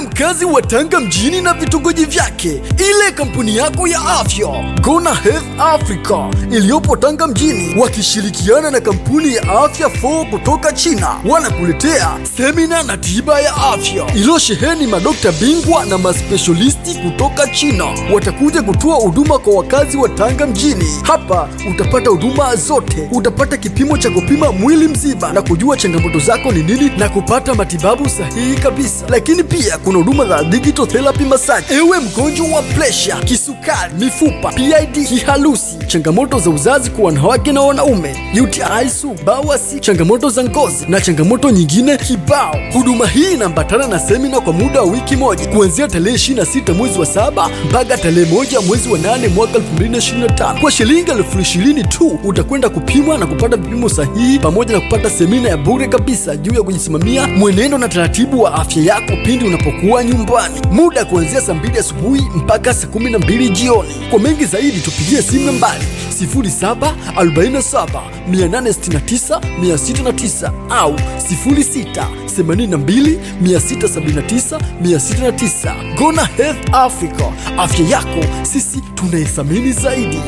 wewe mkazi wa Tanga mjini na vitongoji vyake, ile kampuni yako ya afya Gona Health Africa iliyopo Tanga mjini wakishirikiana na kampuni ya afya 4 kutoka China wanakuletea semina na tiba ya afya iliyosheheni madokta bingwa na maspeshalisti kutoka China. Watakuja kutoa huduma kwa wakazi wa Tanga mjini. Hapa utapata huduma zote, utapata kipimo cha kupima mwili mzima na kujua changamoto zako ni nini na kupata matibabu sahihi kabisa, lakini pia kuna huduma za digital therapy massage. Ewe mgonjwa wa presha, kisukari, mifupa, PID, kiharusi, changamoto za uzazi kwa wanawake na wanaume, UTI sugu, bawasi, changamoto za ngozi na changamoto nyingine kibao. Huduma hii inaambatana na semina kwa muda wa wiki moja kuanzia tarehe 26 mwezi wa saba mpaka tarehe moja mwezi wa nane mwaka 2025 kwa shilingi elfu ishirini tu utakwenda kupimwa na kupata vipimo sahihi pamoja na kupata semina ya bure kabisa juu ya kujisimamia mwenendo na taratibu wa afya yako pindi unapo kuwa nyumbani, muda kuanzia saa mbili asubuhi mpaka saa kumi na mbili jioni. Kwa mengi zaidi tupigie simu nambari 0747 869 au 0682 679 Gona Health Africa, afya yako sisi tunaithamini zaidi.